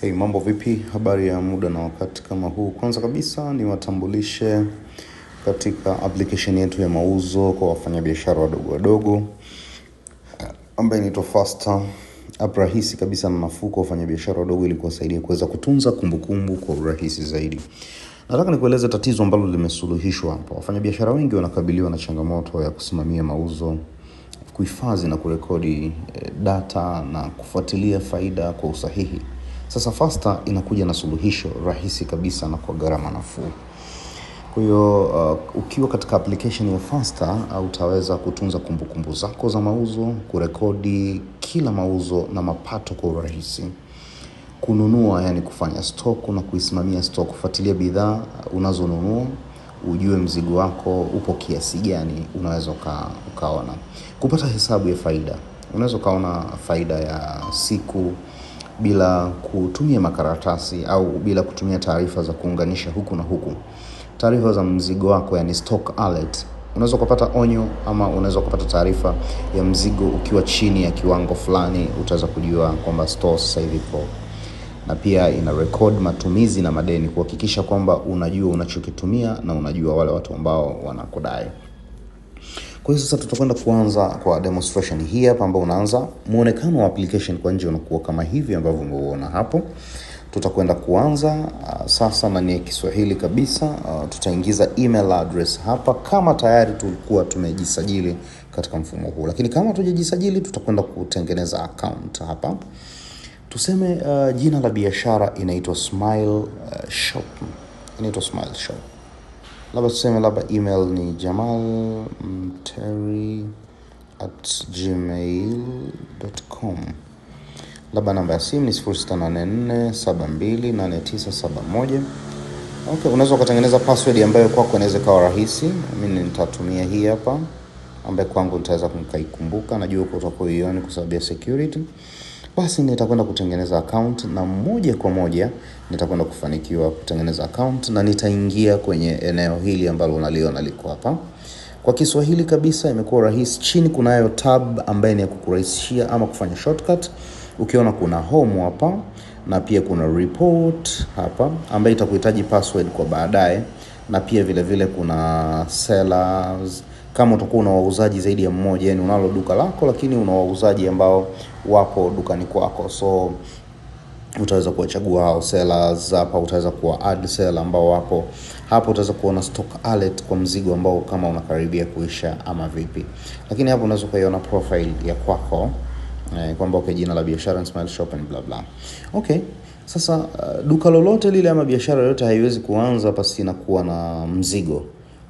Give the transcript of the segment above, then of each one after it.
Hey, mambo vipi? Habari ya muda na wakati kama huu. Kwanza kabisa niwatambulishe katika application yetu ya mauzo kwa wafanyabiashara wadogo wadogo ambayo inaitwa Faster. App rahisi kabisa na nafuu kwa wafanyabiashara wadogo ili kuwasaidia kuweza kutunza kumbukumbu kwa urahisi zaidi. Nataka nikueleze tatizo ambalo limesuluhishwa hapa. Wafanyabiashara wengi wanakabiliwa na changamoto ya kusimamia mauzo, kuhifadhi na kurekodi eh, data na kufuatilia faida kwa usahihi. Sasa Fasta inakuja na suluhisho rahisi kabisa na kwa gharama nafuu. Kwa hiyo uh, ukiwa katika application ya Fasta uh, utaweza kutunza kumbukumbu zako za mauzo, kurekodi kila mauzo na mapato kwa urahisi, kununua, yani kufanya stock na kuisimamia stock, kufuatilia bidhaa uh, unazonunua ujue mzigo wako upo kiasi gani, unaweza ukaona, kupata hesabu ya faida. Unaweza ukaona faida ya siku bila kutumia makaratasi au bila kutumia taarifa za kuunganisha huku na huku. Taarifa za mzigo wako, yani stock alert, unaweza ukapata onyo ama unaweza ukapata taarifa ya mzigo ukiwa chini ya kiwango fulani, utaweza kujua kwamba store sasa hivi na pia ina record matumizi na madeni kuhakikisha kwamba unajua unachokitumia na unajua wale watu ambao wanakudai. Kwa hiyo sasa tutakwenda kuanza kwa demonstration hii hapa, ambao unaanza muonekano wa application kwa nje unakuwa kama hivi ambavyo umeuona hapo. Tutakwenda kuanza uh, sasa na ni Kiswahili kabisa. Uh, tutaingiza email address hapa kama tayari tulikuwa tumejisajili katika mfumo huu, lakini kama tujajisajili tutakwenda kutengeneza account hapa. Tuseme uh, jina la biashara inaitwa Smile uh, Shop, inaitwa Smile Shop labda tuseme labda email ni jamal mteri at gmail com labda namba ya simu ni 684472891 okay unaweza ukatengeneza password ambayo kwako inaweza ikawa rahisi mimi nitatumia hii hapa ambaye kwangu nitaweza kumkaikumbuka najua uko utakuioni kwa sababu ya security basi nitakwenda kutengeneza account na moja kwa moja nitakwenda kufanikiwa kutengeneza account na nitaingia kwenye eneo hili ambalo unaliona liko hapa. Kwa Kiswahili kabisa imekuwa rahisi. Chini kunayo tab ambayo ni ya kukurahisishia ama kufanya shortcut. Ukiona kuna home hapa na pia kuna report hapa ambayo itakuhitaji password kwa baadaye, na pia vilevile vile kuna sellers kama utakuwa una wauzaji zaidi ya mmoja, yani unalo duka lako lakini una wauzaji ambao wapo dukani kwako, so utaweza kuwachagua hao sellers hapa, utaweza kuwa add seller ambao wapo hapo, utaweza kuona stock alert kwa mzigo ambao kama unakaribia kuisha ama vipi. Lakini hapo unaweza kuiona profile ya kwako eh, kwamba okay, jina la biashara Smile Shop and bla bla. Okay. Sasa uh, duka lolote lile ama biashara yoyote haiwezi kuanza pasi na kuwa na mzigo.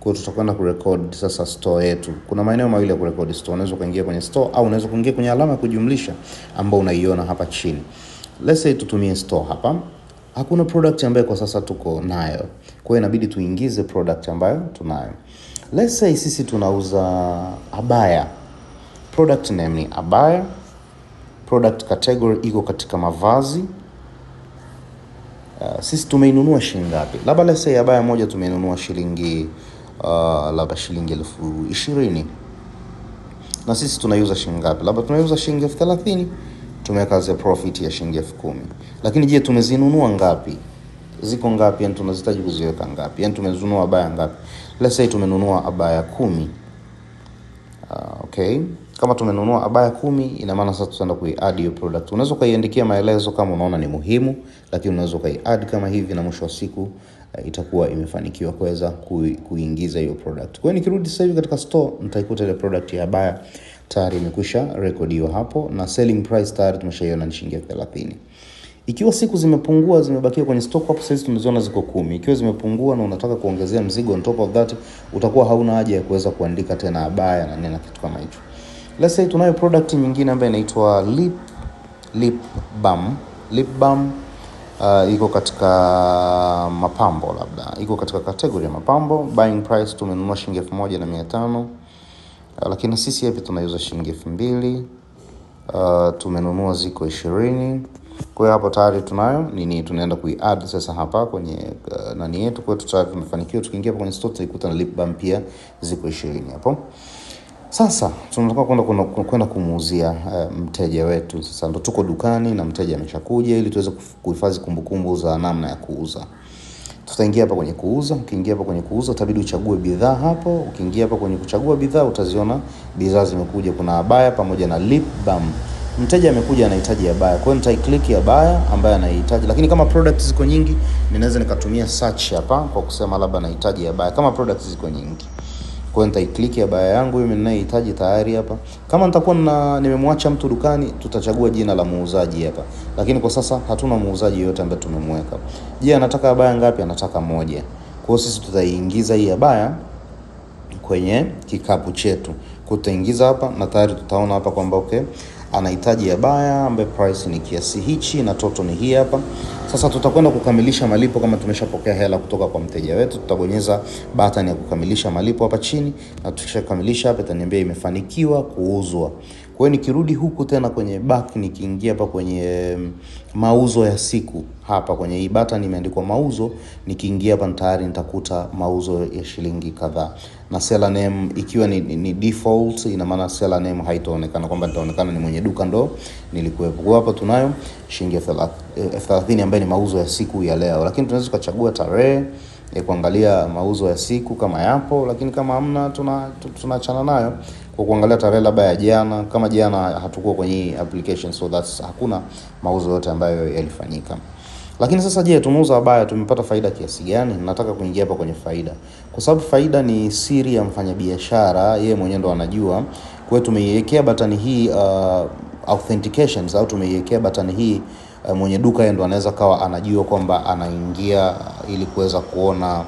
Kwa tutakwenda kurekodi sasa store yetu. Kuna maeneo mawili ya kurekodi store, unaweza kuingia kwenye store au unaweza kuingia kwenye alama ya kujumlisha ambayo unaiona hapa chini. Let's say tutumie store hapa. Hakuna product ambayo kwa sasa tuko nayo, kwa hiyo inabidi tuingize product ambayo tunayo. Let's say sisi tunauza abaya, product name ni abaya, product category iko katika mavazi. Uh, sisi tumeinunua shilingi ngapi? Labda let's say abaya moja tumeinunua shilingi Ah, labda shilingi elfu ishirini na sisi tunaiuza shilingi ngapi? Labda tunaiuza shilingi elfu thelathini tumeweka ze profit ya shilingi elfu kumi Lakini je, tumezinunua ngapi? Ziko ngapi? Yani tunazitaji kuziweka ngapi? Yani tumezinunua abaya ngapi? Let's say tumenunua abaya kumi. Uh, okay kama tumenunua abaya kumi, ina maana sasa tutaenda kuiadd hiyo product. Unaweza ukaiandikia maelezo kama unaona ni muhimu, lakini unaweza ukaiadd kama hivi, na mwisho wa siku Eh, itakuwa imefanikiwa kuweza kuingiza hiyo product. Kwa hiyo nikirudi sasa hivi katika store nitaikuta ile product ya baya tayari imekwisha rekodiwa hapo na selling price tayari tumeshaiona ni shilingi 30. Ikiwa siku zimepungua zimebakia kwenye stock hapo sasa tumeziona ziko kumi. Ikiwa zimepungua na unataka kuongezea mzigo on top of that, utakuwa hauna haja ya kuweza kuandika tena baya na nina kitu kama hicho. Let's say tunayo product nyingine ambayo inaitwa lip lip balm. Lip balm uh, iko katika mapambo, labda iko katika kategori ya mapambo, buying price tumenunua shilingi elfu moja na mia tano uh, lakini sisi hapa tunauza shilingi elfu mbili uh, tumenunua ziko ishirini kwa hiyo hapo tayari tunayo nini, tunaenda kuiadd sasa hapa kwenye uh, nani yetu. Kwa hiyo tayari tumefanikiwa, tukiingia kwenye store tutaikuta na lip pia ziko ishirini hapo. Sasa tunataka kwenda kwenda kumuuzia uh, mteja wetu. Sasa ndo tuko dukani na mteja ameshakuja, ili tuweze kuhifadhi kumbukumbu za namna ya kuuza. Tutaingia hapa kwenye kuuza. Ukiingia hapa kwenye kuuza, utabidi uchague bidhaa hapo. Ukiingia hapa kwenye kuchagua bidhaa, utaziona bidhaa zimekuja. Kuna abaya pamoja na lip balm. Mteja amekuja anahitaji abaya, kwa hiyo nitaikliki abaya ambayo anahitaji, lakini kama products ziko nyingi, ninaweza nikatumia search hapa kwa kusema labda anahitaji abaya, kama products ziko nyingi kwa hiyo nitaikliki ya baya yangu mimi ninayohitaji tayari hapa. Kama nitakuwa na nimemwacha mtu dukani, tutachagua jina la muuzaji hapa, lakini kwa sasa hatuna muuzaji yoyote ambaye tumemweka. Je, anataka abaya ngapi? Anataka moja. Kwa hiyo sisi tutaiingiza hii baya kwenye kikapu chetu, kutaingiza hapa na tayari tutaona hapa kwamba okay anahitaji baya ambaye price ni kiasi hichi na toto ni hii hapa. Sasa tutakwenda kukamilisha malipo kama tumeshapokea hela kutoka kwa mteja wetu, tutabonyeza button ya kukamilisha malipo hapa chini, na tukishakamilisha hapa itaniambia imefanikiwa kuuzwa. Kwa hiyo nikirudi huku tena kwenye back, nikiingia hapa kwenye eh, mauzo ya siku, hapa kwenye hii button imeandikwa mauzo, nikiingia hapa tayari nitakuta mauzo ya shilingi kadhaa, na seller name ikiwa ni, ni, ni default, ina maana seller name haitaonekana, kwamba nitaonekana ni mwenye duka ndo nilikuwepo. Kwa hapa tunayo shilingi eh, elfu thelathini ambayo ni mauzo ya siku ya leo, lakini tunaweza tukachagua tarehe e, kuangalia mauzo ya siku kama yapo, lakini kama hamna tunaachana tuna nayo kwa kuangalia tarehe labda ya jana, kama jana hatukuwa kwenye application, so that's hakuna mauzo yote ambayo yalifanyika. Lakini sasa, je, tumeuza baya, tumepata faida kiasi gani? Nataka kuingia hapa kwenye faida, kwa sababu faida ni siri ya mfanyabiashara, yeye mwenyewe ndo anajua. Kwa hiyo tumeiwekea batani hii uh, authentications au tumeiwekea batani hii uh, mwenye duka yeye ndo anaweza kawa anajua kwamba anaingia ili kuweza kuona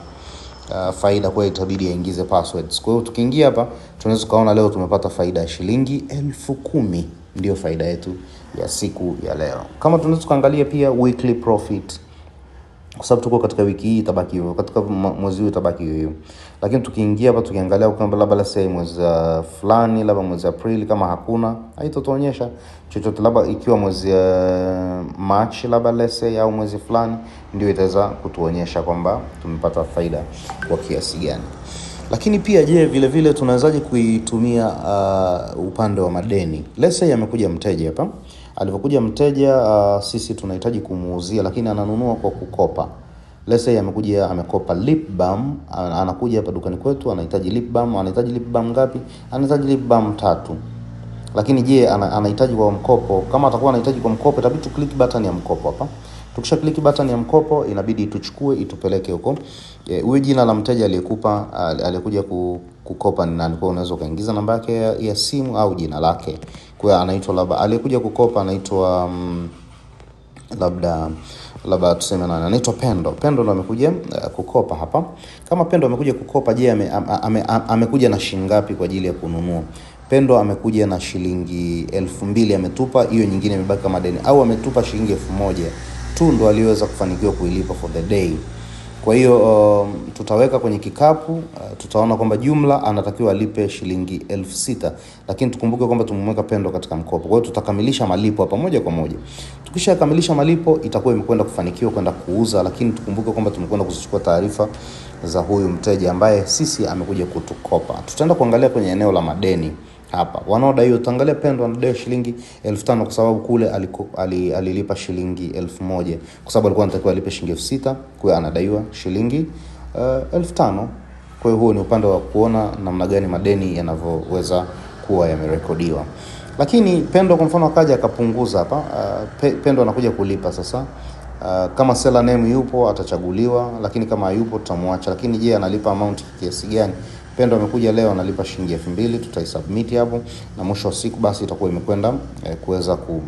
uh, faida kwa itabidi aingize passwords. Kwa hiyo tukiingia hapa tunaweza kuona leo tumepata faida ya shilingi elfu kumi ndio faida yetu ya siku ya leo. Kama tunaweza kuangalia pia weekly profit kwa sababu tuko katika wiki hii itabaki hivyo, katika mwezi huu itabaki hiyo Lakini tukiingia hapa tukiangalia kwamba labda lasa mwezi fulani, labda mwezi Aprili, kama hakuna haitatuonyesha chochote, labda ikiwa mwezi eh, Machi labda lese au mwezi fulani, ndio itaweza kutuonyesha kwamba tumepata faida kwa kiasi gani. Lakini pia je, vile vile tunawezaje kuitumia uh, upande wa madeni? Let's amekuja mteja hapa, alivyokuja mteja uh, sisi tunahitaji kumuuzia, lakini ananunua kwa kukopa. Let's amekuja amekopa lip balm, anakuja hapa dukani kwetu anahitaji lip balm, anahitaji lip balm ngapi? Anahitaji lip balm tatu. Lakini je, anahitaji kwa mkopo? Kama atakuwa anahitaji kwa mkopo, itabidi tu click button ya mkopo hapa. Tukisha kliki button ya mkopo, inabidi ituchukue itupeleke huko. E, huyu e, jina la mteja aliyekupa aliyekuja kukopa ni nani? Kwa unaweza ukaingiza namba yake ya, ya simu au jina lake. Kwa anaitwa labda aliyekuja kukopa anaitwa um, labda labda tuseme nani anaitwa Pendo. Pendo ndo amekuja uh, kukopa hapa. Kama Pendo amekuja kukopa, je, amekuja ame, ame, ame na shilingi ngapi kwa ajili ya kununua? Pendo amekuja na shilingi elfu mbili ametupa, hiyo nyingine imebaki kama deni, au ametupa shilingi elfu moja tu ndo aliweza kufanikiwa kuilipa for the day. Kwa hiyo um, tutaweka kwenye kikapu uh, tutaona kwamba jumla anatakiwa alipe shilingi elfu sita lakini tukumbuke kwamba tumemweka Pendo katika mkopo. Kwa hiyo tutakamilisha malipo hapa moja kwa moja. Tukishakamilisha malipo itakuwa imekwenda kufanikiwa kwenda kuuza, lakini tukumbuke kwamba tumekwenda kuzichukua taarifa za huyu mteja ambaye sisi amekuja kutukopa. Tutaenda kuangalia kwenye eneo la madeni hapa. Wanaodaiwa utangalia, Pendo anadaiwa shilingi elfu tano kwa sababu kule aliku, ali, alilipa shilingi elfu moja kwa sababu alikuwa anatakiwa alipe shilingi elfu sita kwa anadaiwa shilingi uh, elfu tano kwa hiyo huo ni upande wa kuona namna gani madeni yanavyoweza kuwa yamerekodiwa. Lakini Pendo kwa mfano akaja akapunguza hapa uh, Pendo anakuja kulipa sasa Uh, kama seller name yupo atachaguliwa, lakini kama hayupo tutamwacha. Lakini je, analipa amount kiasi gani? Pendo amekuja leo analipa shilingi elfu mbili tutaisubmit hapo, na mwisho wa siku basi itakuwa imekwenda eh, kuweza ku,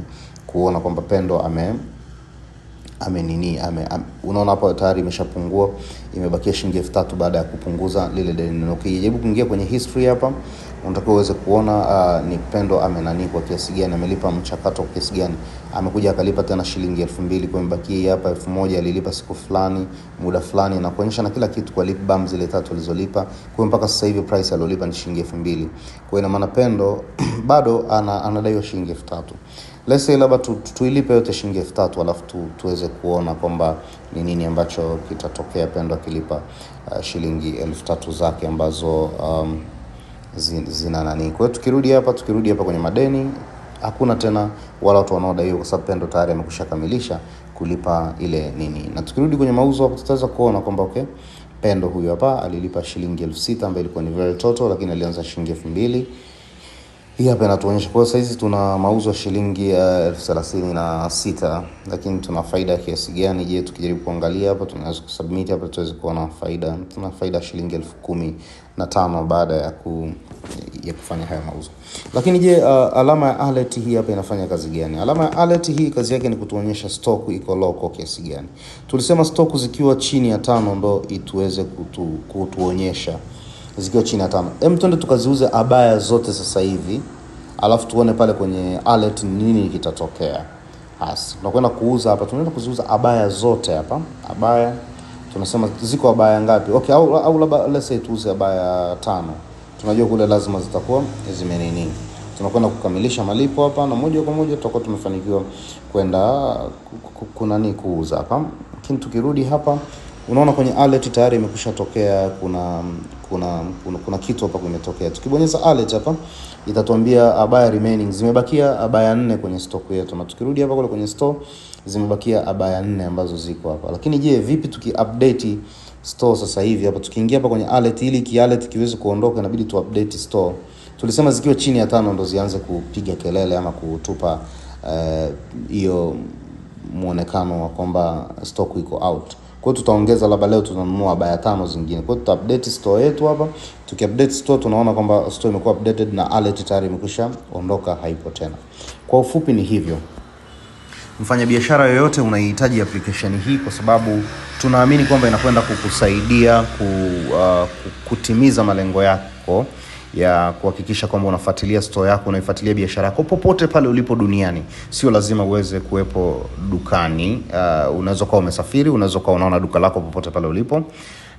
kuona kwamba Pendo ame amenini ame, ame, unaona hapo tayari imeshapungua, imebakia shilingi elfu tatu baada ya kupunguza lile deni neno. Ukijaribu kuingia kwenye history hapa, unatakiwa uweze kuona uh, ni Pendo amenani kwa kiasi gani amelipa mchakato kwa kiasi gani, amekuja akalipa tena shilingi elfu mbili kwa imebakia hapa elfu moja alilipa siku fulani muda fulani, na kuonyesha na kila kitu kwa lip balm zile tatu alizolipa, kwa mpaka sasa hivi price aliolipa ni shilingi elfu mbili kwa ina maana Pendo bado ana, anadaiwa shilingi elfu tatu let's say labda tu, tu, tuilipe yote shilingi elfu tatu alafu tu, tuweze kuona kwamba ni nini ambacho kitatokea pendo akilipa uh, shilingi elfu tatu zake ambazo um, zin, zina nani. Kwa hiyo tukirudi hapa tukirudi hapa kwenye madeni hakuna tena wala watu wanaodaiwa kwa sababu Pendo tayari amekusha kamilisha kulipa ile nini. Na tukirudi kwenye mauzo hapo tutaweza kuona kwamba okay, Pendo huyu hapa alilipa shilingi elfu sita ambayo ilikuwa ni very total, lakini alianza shilingi elfu mbili hii hapa inatuonyesha kwa saizi tuna mauzo ya shilingi eh, elfu thelathini na sita lakini tuna faida kiasi gani? Je, tukijaribu kuangalia hapa tunaweza kusubmit hapa tuweze kuona faida. Tuna faida ya shilingi elfu kumi na tano baada ya ku ya kufanya haya mauzo. Lakini je, uh, alama ya alert hii hapa inafanya kazi gani? Alama ya alert hii kazi yake ni kutuonyesha stock iko loko kiasi gani. Tulisema stock zikiwa chini ya tano ndo ituweze kutu, kutuonyesha zikiwa chini ya tano. Hem, tuende tukaziuze abaya zote sasa hivi, alafu tuone pale kwenye alert nini kitatokea. Hasa tunakwenda kuuza hapa, tunaenda kuziuza abaya zote hapa. Abaya tunasema ziko abaya ngapi? Okay, au au labda let's say tuuze abaya tano. Tunajua kule lazima zitakuwa zimenini. Tunakwenda kukamilisha malipo hapa na moja kwa moja tutakuwa tumefanikiwa kwenda kunani kuuza hapa, lakini tukirudi hapa Unaona kwenye alert tayari imekushatokea kuna kuna, kuna kuna kitu hapa kimetokea. Tukibonyeza alert hapa itatuambia abaya remaining, zimebakia abaya nne kwenye stock yetu, na tukirudi hapa kule kwenye store zimebakia abaya nne ambazo ziko hapa. Lakini je, vipi tuki update store sasa hivi? Hapa tukiingia hapa kwenye alert, ili ki alert kiweze kuondoka inabidi tu update store. Tulisema zikiwa chini ya tano ndo zianze kupiga kelele ama kutupa eh, hiyo uh, muonekano wa kwamba stock iko out. Kwa hiyo tutaongeza labda leo tunanunua baya tano zingine. Kwa hiyo tuta update store yetu hapa. Tuki update store tunaona kwamba store imekuwa updated na alert tayari imekwisha ondoka haipo tena. Kwa ufupi ni hivyo. Mfanyabiashara yoyote unaihitaji application hii kwa sababu tunaamini kwamba inakwenda kukusaidia ku, uh, kutimiza malengo yako ya kuhakikisha kwamba unafuatilia store yako, unaifuatilia biashara yako popote pale ulipo duniani. Sio lazima uweze kuwepo dukani. Uh, unaweza kuwa umesafiri, unaweza kuwa unaona duka lako popote pale ulipo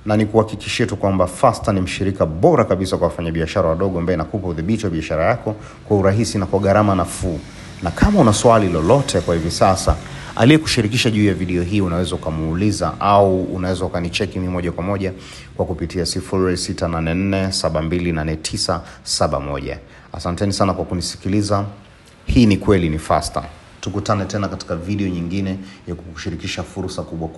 na ni kuhakikishie tu kwamba Fasta ni mshirika bora kabisa kwa wafanyabiashara wadogo ambaye inakupa udhibiti wa biashara yako kwa urahisi na kwa gharama nafuu. Na kama una swali lolote kwa hivi sasa Aliyekushirikisha juu ya video hii unaweza ukamuuliza au unaweza ukanicheki mimi moja kwa moja kwa kupitia 0684728971. Asanteni sana kwa kunisikiliza. Hii ni kweli ni Faster. Tukutane tena katika video nyingine ya kukushirikisha fursa kubwa.